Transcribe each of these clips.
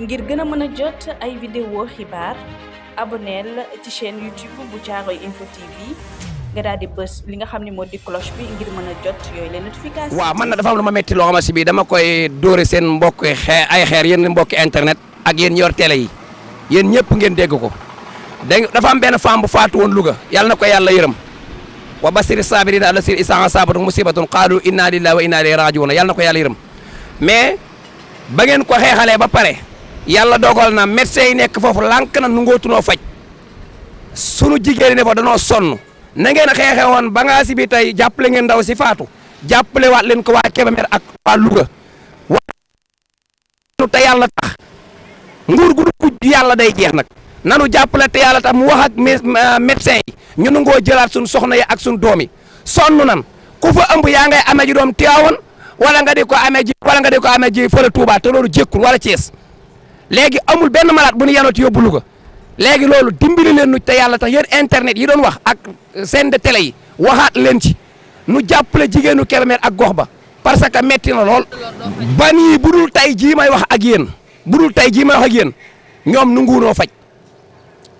ngir gën a mën a jot ay vidéo xibaar aboneel ci chaîne YouTube bu Caaroy info TV nga daal di bës li nga xam ne moo di cloche bi ngir mën a jot yooyu les notifications. waaw man na dafa am lu ma métti loo xamante si bii dama koy dóore seen mbokk xee ay xeer yéen mbokki internet ak yéen ñi yor télé yi yéen ñëpp ngeen dégg ko dafa am benn femme bu faatu woon Louga yàlla na ko yàlla yërëm. wa basiri saabirina allasir isa asaabatum musibatun qaalu inna lillahi wa inna ilayhi rajiuna yàlla na ko yàlla yërëm mais yàlla dogal na médecin yi nekk foofu lànk na nu ngootunoo faj sunu jigéen ne fa danoo sonn na ngeen xeexe woon ba ngaa si bi tey jàppale ngeen ndaw si faatu jàppale waat leen ko waa Kébémer ak waa Louga wanu te yàlla tax nguur yàlla day jeex nag nanu jàppale te yàlla tax mu wax ak ah, médecin yi ñu nangoo jëlaat suñ soxna yi ak sunu doom yi sonn nan ku fa ëmb yaa ngay amee ji doom Tiwaawan wala nga di ko amee ji wala nga di ko amee ji fële tuubaa te loolu jékkul wala cees léegi amul benn malade bu ñu yanooti yóbbu Louga léegi loolu dimbali leen nu te yàlla tax yéen internet yi doon wax ak seen de télé yi waxaat leen ci nu jàppale jigéenu Kébémer ak gox ba parce que metti na lool ban bu dul tey jii may wax ak yéen bu dul tey jii may wax ak yéen ñoom nungu faj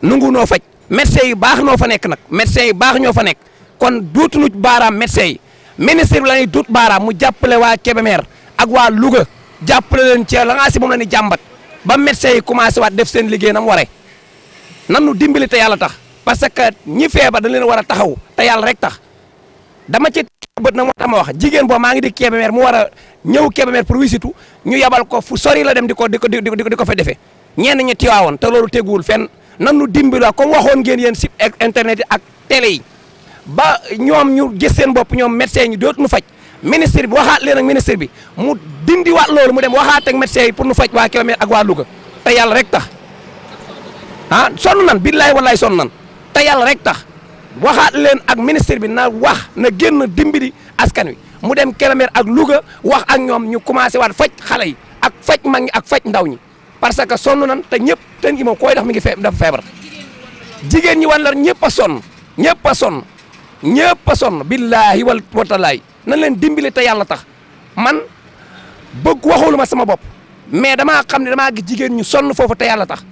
nungu faj médecins yi baax noo fa nekk nag médecins yi baax ñoo fa nekk kon duutuñu baaraam médecins yi ministre bi la ñuy baaraam mu jàppale waa Kébémer ak waa Louga jàppale leen ci la nga si moom la jàmbat ba médecin yi commencé wat def sen liguey nam waré nanu nu dimbali ta yalla tax parce que ñi feebar dañ leen wara taxaw ta yalla rek tax dama ci bët nag moo wax jigen bo ma ngi di mu wara ñew pour wisitu ñu yabal ko fu sori la dem diko diko diko diko, di fa défé ñen ñi tiwawon ta lolu téggul fen nan nu ngeen yeen site internet ak télé ba ñom ñu gis sen bop ñom médecin ñu fajj ministre bi waxaat leen ak ministre bi mu dindiwaat loolu mu dem waxaat ak médecin yi pour nu faj waa kilomètre ak waa Louga te yàlla rek tax ah sonn nan billaay wallaay sonn nan te yàlla rek tax waxaat leen ak ministre bi na wax na génn dimbali askan wi mu dem kilomètre ak Louga wax ak ñoom ñu commencé waat faj xale yi ak faj mag ñi ak faj ndaw ñi parce que sonn nan te ñëpp ten gi moom koy tax mi ngi dafa feebar jigéen ñi wan la ñëpp a sonn ñëpp a ñëpp a sonn billaahi wal watalaay nan leen dimbali te yàlla tax man bëgg waxulu ma sama bopp mais damaa xam ne damaa gis jigéen ñu sonn foofu te yàlla tax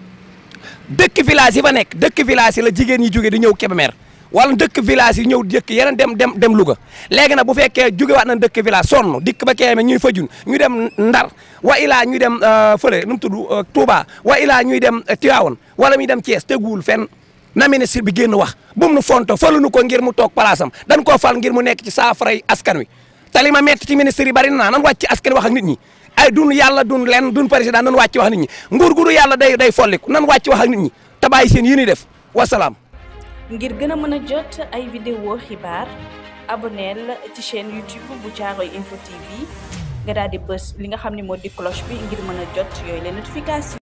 dëkk village yi fa nekk dëkk village la jigéen ñi jóge di ñëw Kébémer wala dëkk village yi ñëw dëkk yeneen dem dem dem Louga léegi nag bu fekkee jógewaat na dëkk village sonn dikk ba Kébémer ñuy fajun ñu dem Ndar wa ilaa ñuy dem euh, fële nu mu tudd euh, Touba wa ilaa ñuy dem euh, Tivaouane wala muy dem Thiès teguwul fenn na ministre bi génn wax bu mu nu fonto faluñu ko ngir mu toog palaasam dañ koo fal ngir mu nekk ci saafaray askan wi te li ma metti ci ministre yi na nan wàcc ci askan wax ak nit ñi ay dun yàlla dun lenn dun président nguur guru yàlla day day folliku nan wàcc wax ak nit ñi te bàyyi seen yi def wasalaam. ngir gën a mën a jot ay vidéo xibaar aboneel ci chaîne YouTube bu Caaroy info TV nga daal di bës li nga xam ne moo di cloche bi ngir mën a jot yooyu les notifications.